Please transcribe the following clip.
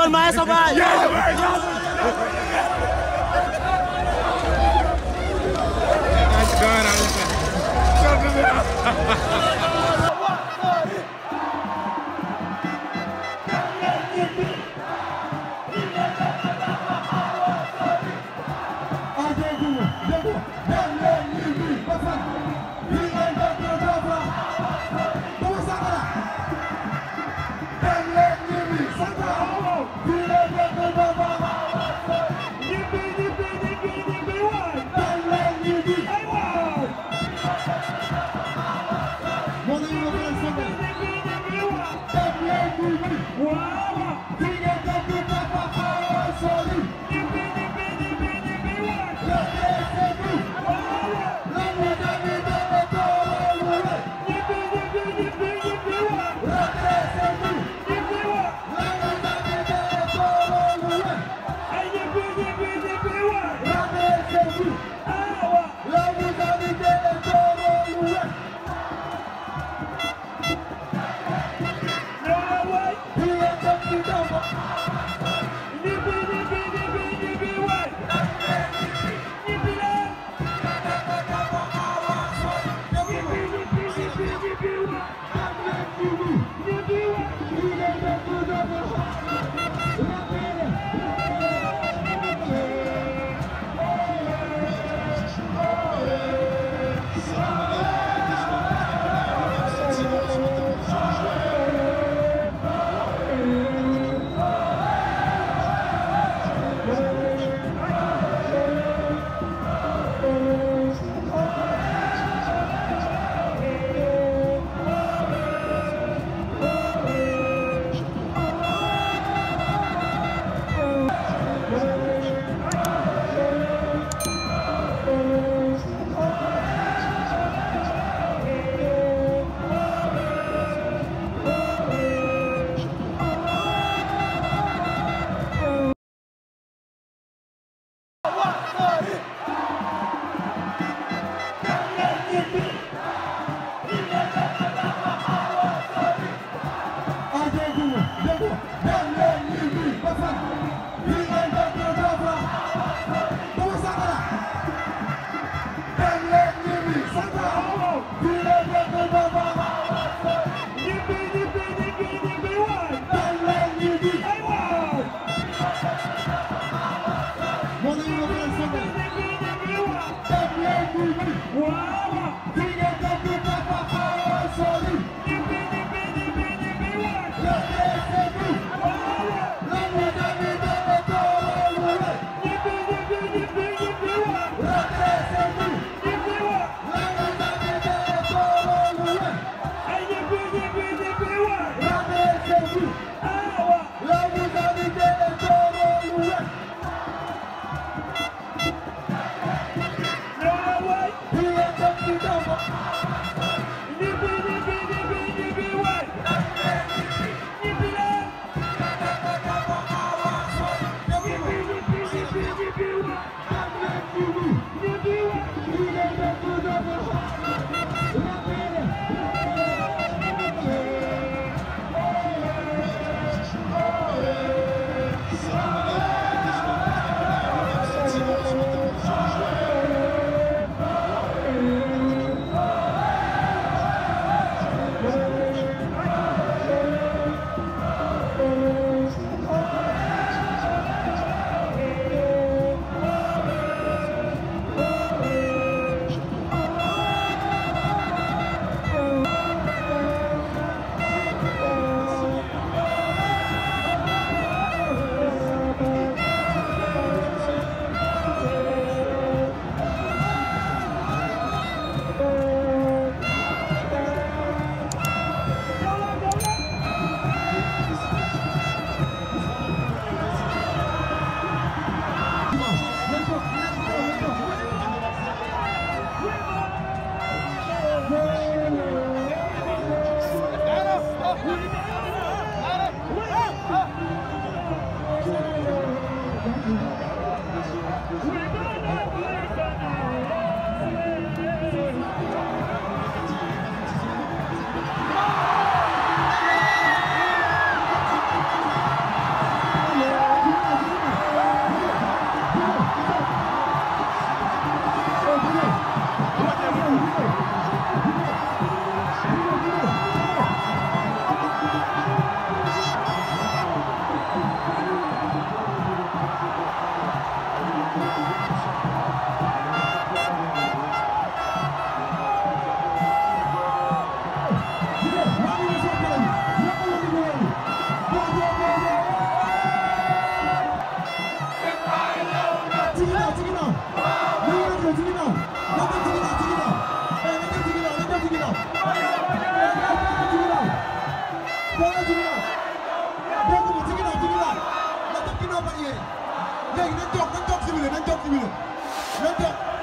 tol maa sa baay jël ko He is the freedom léegi nañ toog nañ toog simili nañ toog simili nañ toog